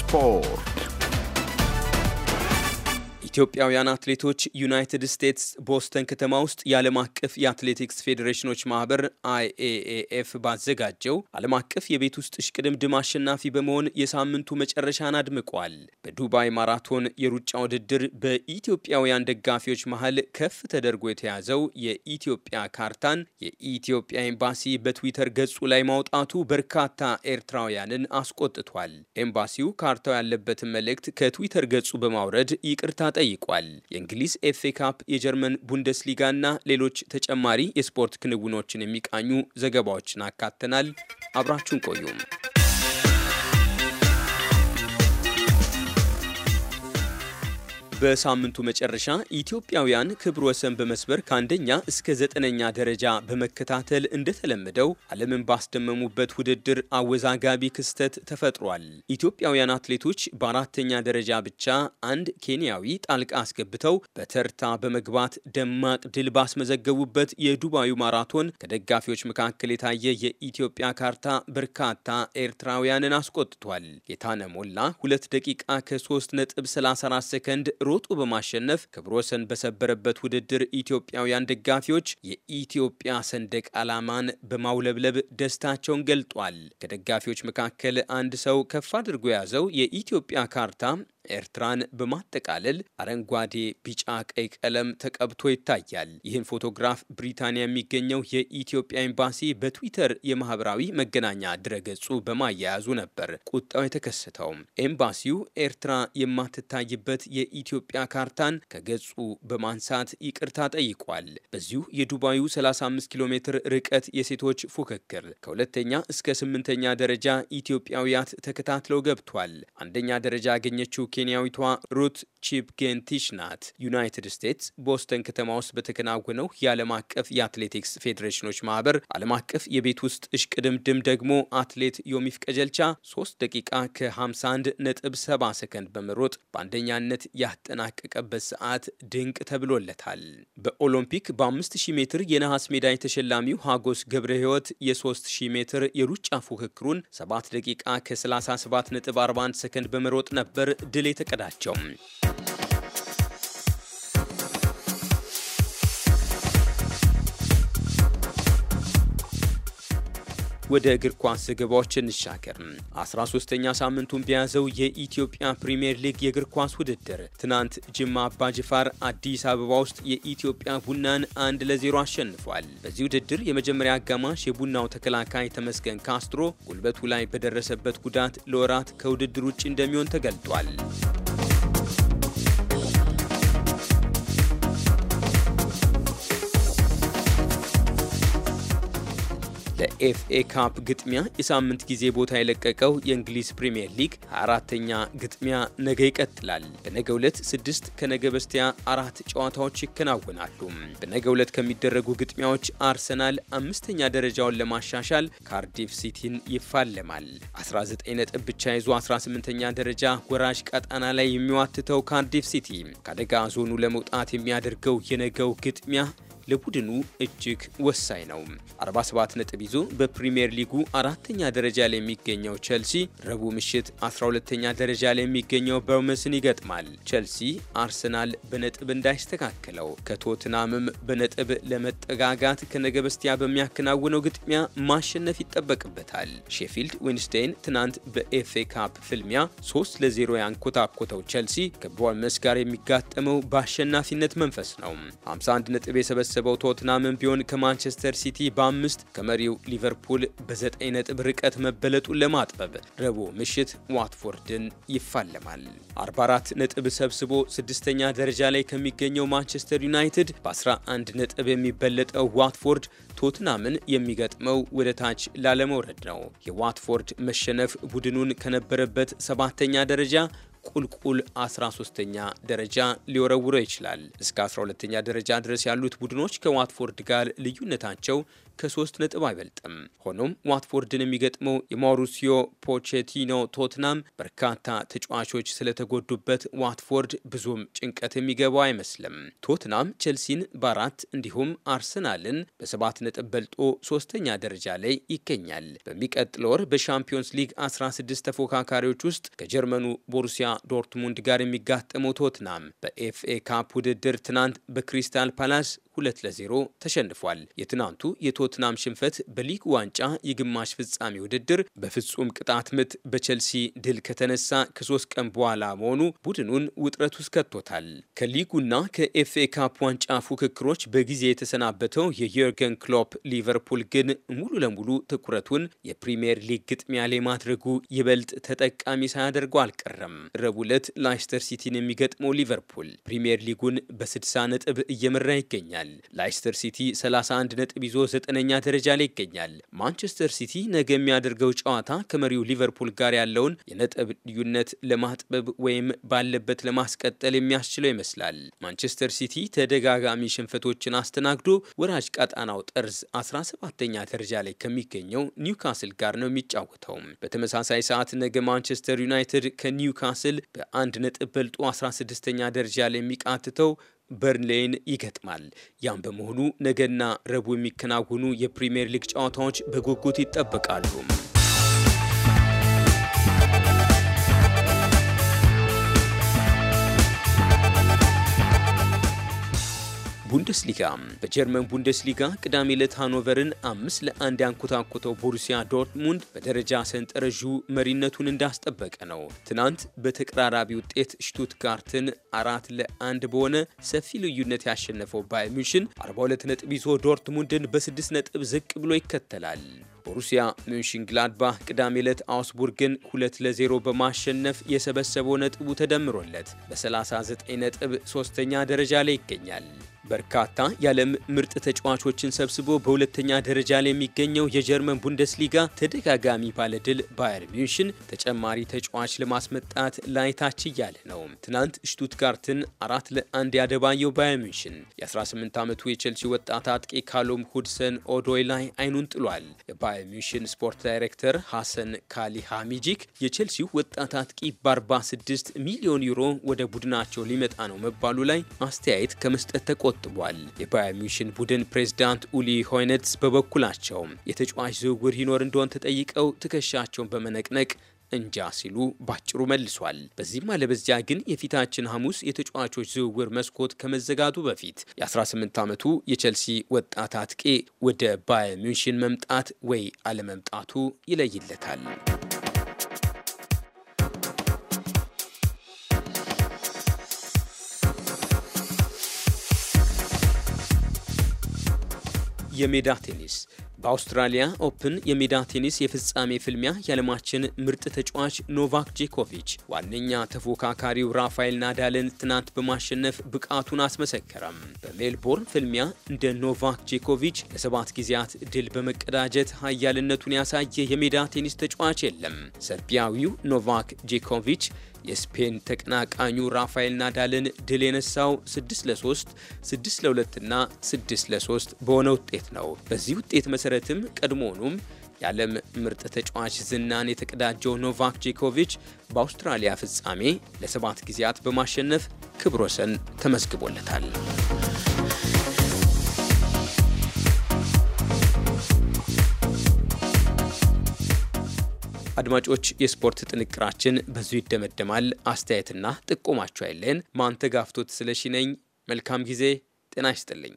Spor. ኢትዮጵያውያን አትሌቶች ዩናይትድ ስቴትስ ቦስተን ከተማ ውስጥ የዓለም አቀፍ የአትሌቲክስ ፌዴሬሽኖች ማህበር አይኤኤኤፍ ባዘጋጀው ዓለም አቀፍ የቤት ውስጥ እሽቅድምድም አሸናፊ በመሆን የሳምንቱ መጨረሻን አድምቋል። በዱባይ ማራቶን የሩጫ ውድድር በኢትዮጵያውያን ደጋፊዎች መሀል ከፍ ተደርጎ የተያዘው የኢትዮጵያ ካርታን የኢትዮጵያ ኤምባሲ በትዊተር ገጹ ላይ ማውጣቱ በርካታ ኤርትራውያንን አስቆጥቷል። ኤምባሲው ካርታው ያለበትን መልእክት ከትዊተር ገጹ በማውረድ ይቅርታ ጠይቋል። ጠይቋል። የእንግሊዝ ኤፍ ኤ ካፕ፣ የጀርመን ቡንደስሊጋና ሌሎች ተጨማሪ የስፖርት ክንውኖችን የሚቃኙ ዘገባዎችን አካተናል። አብራችሁን ቆዩም። በሳምንቱ መጨረሻ ኢትዮጵያውያን ክብር ወሰን በመስበር ከአንደኛ እስከ ዘጠነኛ ደረጃ በመከታተል እንደተለመደው ዓለምን ባስደመሙበት ውድድር አወዛጋቢ ክስተት ተፈጥሯል። ኢትዮጵያውያን አትሌቶች በአራተኛ ደረጃ ብቻ አንድ ኬንያዊ ጣልቃ አስገብተው በተርታ በመግባት ደማቅ ድል ባስመዘገቡበት የዱባዩ ማራቶን ከደጋፊዎች መካከል የታየ የኢትዮጵያ ካርታ በርካታ ኤርትራውያንን አስቆጥቷል። ጌታነ ሞላ ሁለት ደቂቃ ከ3 ነጥብ 34 ሰከንድ ሮጡ በማሸነፍ ክብረ ወሰን በሰበረበት ውድድር ኢትዮጵያውያን ደጋፊዎች የኢትዮጵያ ሰንደቅ ዓላማን በማውለብለብ ደስታቸውን ገልጧል። ከደጋፊዎች መካከል አንድ ሰው ከፍ አድርጎ የያዘው የኢትዮጵያ ካርታ ኤርትራን በማጠቃለል አረንጓዴ፣ ቢጫ፣ ቀይ ቀለም ተቀብቶ ይታያል። ይህን ፎቶግራፍ ብሪታንያ የሚገኘው የኢትዮጵያ ኤምባሲ በትዊተር የማህበራዊ መገናኛ ድረገጹ በማያያዙ ነበር ቁጣው የተከሰተው። ኤምባሲው ኤርትራ የማትታይበት የኢትዮጵያ ካርታን ከገጹ በማንሳት ይቅርታ ጠይቋል። በዚሁ የዱባዩ 35 ኪሎ ሜትር ርቀት የሴቶች ፉክክር ከሁለተኛ እስከ ስምንተኛ ደረጃ ኢትዮጵያውያት ተከታትለው ገብቷል። አንደኛ ደረጃ ያገኘችው ኬንያዊቷ ሩት ጌንቲሽ ናት። ዩናይትድ ስቴትስ ቦስተን ከተማ ውስጥ በተከናወነው የዓለም አቀፍ የአትሌቲክስ ፌዴሬሽኖች ማህበር ዓለም አቀፍ የቤት ውስጥ እሽቅድምድም ደግሞ አትሌት ዮሚፍ ቀጀልቻ 3 ደቂቃ ከ51 ነጥብ 70 ሰከንድ በመሮጥ በአንደኛነት ያጠናቀቀበት ሰዓት ድንቅ ተብሎለታል። በኦሎምፒክ በ5000 ሜትር የነሐስ ሜዳይ ተሸላሚው ሀጎስ ገብረ ህይወት የ3000 ሜትር የሩጫ ፉክክሩን 7 ደቂቃ ከ37 ነጥብ 41 ሰከንድ በመሮጥ ነበር ድል የተቀዳቸው። ወደ እግር ኳስ ዘገባዎች እንሻገር። 13ኛ ሳምንቱን በያዘው የኢትዮጵያ ፕሪምየር ሊግ የእግር ኳስ ውድድር ትናንት ጅማ አባጅፋር አዲስ አበባ ውስጥ የኢትዮጵያ ቡናን አንድ ለዜሮ አሸንፏል። በዚህ ውድድር የመጀመሪያ አጋማሽ የቡናው ተከላካይ ተመስገን ካስትሮ ጉልበቱ ላይ በደረሰበት ጉዳት ለወራት ከውድድር ውጭ እንደሚሆን ተገልጧል። ለኤፍኤ ካፕ ግጥሚያ የሳምንት ጊዜ ቦታ የለቀቀው የእንግሊዝ ፕሪምየር ሊግ አራተኛ ግጥሚያ ነገ ይቀጥላል። በነገ ዕለት ስድስት ከነገ በስቲያ አራት ጨዋታዎች ይከናወናሉ። በነገ ዕለት ከሚደረጉ ግጥሚያዎች አርሰናል አምስተኛ ደረጃውን ለማሻሻል ካርዲፍ ሲቲን ይፋለማል። 19 ነጥብ ብቻ ይዞ 18ኛ ደረጃ ወራጅ ቀጣና ላይ የሚዋትተው ካርዲፍ ሲቲ ከአደጋ ዞኑ ለመውጣት የሚያደርገው የነገው ግጥሚያ ለቡድኑ እጅግ ወሳኝ ነው። 47 ነጥብ ይዞ በፕሪምየር ሊጉ አራተኛ ደረጃ ላይ የሚገኘው ቸልሲ ረቡዕ ምሽት 12ተኛ ደረጃ ላይ የሚገኘው በርመስን ይገጥማል። ቸልሲ አርሰናል በነጥብ እንዳይስተካከለው ከቶትናምም በነጥብ ለመጠጋጋት ከነገ በስቲያ በሚያከናውነው ግጥሚያ ማሸነፍ ይጠበቅበታል። ሼፊልድ ዊንስቴን ትናንት በኤፍኤ ካፕ ፍልሚያ 3 ለ0 ያንኮታኮተው ቸልሲ ከቦርመስ ጋር የሚጋጠመው በአሸናፊነት መንፈስ ነው። 51 ነጥብ የሰበሰ የተሰበሰበው ቶትናምን ቢሆን ከማንቸስተር ሲቲ በአምስት ከመሪው ሊቨርፑል በዘጠኝ ነጥብ ርቀት መበለጡን ለማጥበብ ረቡዕ ምሽት ዋትፎርድን ይፋለማል። 44 ነጥብ ሰብስቦ ስድስተኛ ደረጃ ላይ ከሚገኘው ማንቸስተር ዩናይትድ በ11 ነጥብ የሚበለጠው ዋትፎርድ ቶትናምን የሚገጥመው ወደ ታች ላለመውረድ ነው። የዋትፎርድ መሸነፍ ቡድኑን ከነበረበት ሰባተኛ ደረጃ ቁልቁል 13 ተኛ ደረጃ ሊወረውረው ይችላል። እስከ 12 ተኛ ደረጃ ድረስ ያሉት ቡድኖች ከዋትፎርድ ጋር ልዩነታቸው ከሶስት ነጥብ አይበልጥም። ሆኖም ዋትፎርድን የሚገጥመው የማውሪሲዮ ፖቼቲኖ ቶትናም በርካታ ተጫዋቾች ስለተጎዱበት ዋትፎርድ ብዙም ጭንቀት የሚገባው አይመስልም። ቶትናም ቼልሲን በአራት እንዲሁም አርሰናልን በሰባት ነጥብ በልጦ ሶስተኛ ደረጃ ላይ ይገኛል። በሚቀጥለው ወር በሻምፒዮንስ ሊግ 16 ተፎካካሪዎች ውስጥ ከጀርመኑ ቦሩሲያ ዶርትሙንድ ጋር የሚጋጠመው ቶትናም በኤፍኤ ካፕ ውድድር ትናንት በክሪስታል ፓላስ ሁለት ለዜሮ ተሸንፏል። የትናንቱ የቶትናም ሽንፈት በሊግ ዋንጫ የግማሽ ፍጻሜ ውድድር በፍጹም ቅጣት ምት በቼልሲ ድል ከተነሳ ከሶስት ቀን በኋላ መሆኑ ቡድኑን ውጥረት ውስጥ ከቶታል። ከሊጉና ከኤፍኤ ካፕ ዋንጫ ፉክክሮች በጊዜ የተሰናበተው የዮርገን ክሎፕ ሊቨርፑል ግን ሙሉ ለሙሉ ትኩረቱን የፕሪምየር ሊግ ግጥሚያ ላይ ማድረጉ ይበልጥ ተጠቃሚ ሳያደርጉ አልቀረም። ረቡዕ ዕለት ላይስተር ሲቲን የሚገጥመው ሊቨርፑል ፕሪምየር ሊጉን በ60 ነጥብ እየመራ ይገኛል። ይገኛል። ላይስተር ሲቲ 31 ነጥብ ይዞ ዘጠነኛ ደረጃ ላይ ይገኛል። ማንቸስተር ሲቲ ነገ የሚያደርገው ጨዋታ ከመሪው ሊቨርፑል ጋር ያለውን የነጥብ ልዩነት ለማጥበብ ወይም ባለበት ለማስቀጠል የሚያስችለው ይመስላል። ማንቸስተር ሲቲ ተደጋጋሚ ሽንፈቶችን አስተናግዶ ወራጅ ቀጣናው ጠርዝ 17ኛ ደረጃ ላይ ከሚገኘው ኒውካስል ጋር ነው የሚጫወተው። በተመሳሳይ ሰዓት ነገ ማንቸስተር ዩናይትድ ከኒውካስል በአንድ ነጥብ በልጦ 16ኛ ደረጃ ላይ የሚቃትተው በርንሌይን ይገጥማል። ያም በመሆኑ ነገና ረቡ የሚከናወኑ የፕሪምየር ሊግ ጨዋታዎች በጉጉት ይጠበቃሉ። ቡንደስሊጋ በጀርመን ቡንደስሊጋ ቅዳሜ ዕለት ሃኖቨርን አምስት ለአንድ ያንኮታኮተው ቦሩሲያ ዶርትሙንድ በደረጃ ሰንጠረዡ መሪነቱን እንዳስጠበቀ ነው። ትናንት በተቀራራቢ ውጤት ሽቱትጋርትን አራት ለአንድ በሆነ ሰፊ ልዩነት ያሸነፈው ባየር 42 ነጥብ ይዞ ዶርትሙንድን በ በ6 ነጥብ ዝቅ ብሎ ይከተላል። ቦሩሲያ ሚንሽን ግላድባህ ቅዳሜ ዕለት አውስቡርግን ሁለት ለዜሮ በማሸነፍ የሰበሰበው ነጥቡ ተደምሮለት በ39 ነጥብ ሶስተኛ ደረጃ ላይ ይገኛል። በርካታ የዓለም ምርጥ ተጫዋቾችን ሰብስቦ በሁለተኛ ደረጃ ላይ የሚገኘው የጀርመን ቡንደስሊጋ ተደጋጋሚ ባለድል ባየር ሚንሽን ተጨማሪ ተጫዋች ለማስመጣት ላይታች እያለ ነው። ትናንት ሽቱትጋርትን አራት ለአንድ ያደባየው ባየር ሚንሽን የ18 ዓመቱ የቼልሲ ወጣት አጥቂ ካሎም ሁድሰን ኦዶይ ላይ አይኑን ጥሏል። የባየር ሚንሽን ስፖርት ዳይሬክተር ሐሰን ካሊ ሃሚጂክ የቼልሲው ወጣት አጥቂ በ46 ሚሊዮን ዩሮ ወደ ቡድናቸው ሊመጣ ነው መባሉ ላይ አስተያየት ከመስጠት ተቆጥ ተቆጥቧል። የባየር ሚሽን ቡድን ፕሬዝዳንት ኡሊ ሆይነትስ በበኩላቸው የተጫዋች ዝውውር ይኖር እንደሆን ተጠይቀው ትከሻቸውን በመነቅነቅ እንጃ ሲሉ ባጭሩ መልሷል። በዚህም አለበዚያ ግን የፊታችን ሐሙስ የተጫዋቾች ዝውውር መስኮት ከመዘጋቱ በፊት የ18 ዓመቱ የቸልሲ ወጣት አጥቂ ወደ ባየር ሚንሽን መምጣት ወይ አለመምጣቱ ይለይለታል። የሜዳ ቴኒስ በአውስትራሊያ ኦፕን የሜዳ ቴኒስ የፍጻሜ ፍልሚያ የዓለማችን ምርጥ ተጫዋች ኖቫክ ጄኮቪች ዋነኛ ተፎካካሪው ራፋኤል ናዳልን ትናንት በማሸነፍ ብቃቱን አስመሰከረም። በሜልቦርን ፍልሚያ እንደ ኖቫክ ጄኮቪች ለሰባት ጊዜያት ድል በመቀዳጀት ኃያልነቱን ያሳየ የሜዳ ቴኒስ ተጫዋች የለም። ሰርቢያዊው ኖቫክ ጄኮቪች የስፔን ተቀናቃኙ ራፋኤል ናዳልን ድል የነሳው 6 ለ3፣ 6 ለ2 እና 6 ለ3 በሆነ ውጤት ነው። በዚህ ውጤት መሰረትም ቀድሞውኑም የዓለም ምርጥ ተጫዋች ዝናን የተቀዳጀው ኖቫክ ጄኮቪች በአውስትራሊያ ፍጻሜ ለሰባት ጊዜያት በማሸነፍ ክብረ ወሰን ተመዝግቦለታል። አድማጮች፣ የስፖርት ጥንቅራችን በዙ ይደመደማል። አስተያየትና ጥቆማችሁ አይለን። ማንተጋፍቶት ስለሺ ነኝ። መልካም ጊዜ። ጤና ይስጥልኝ።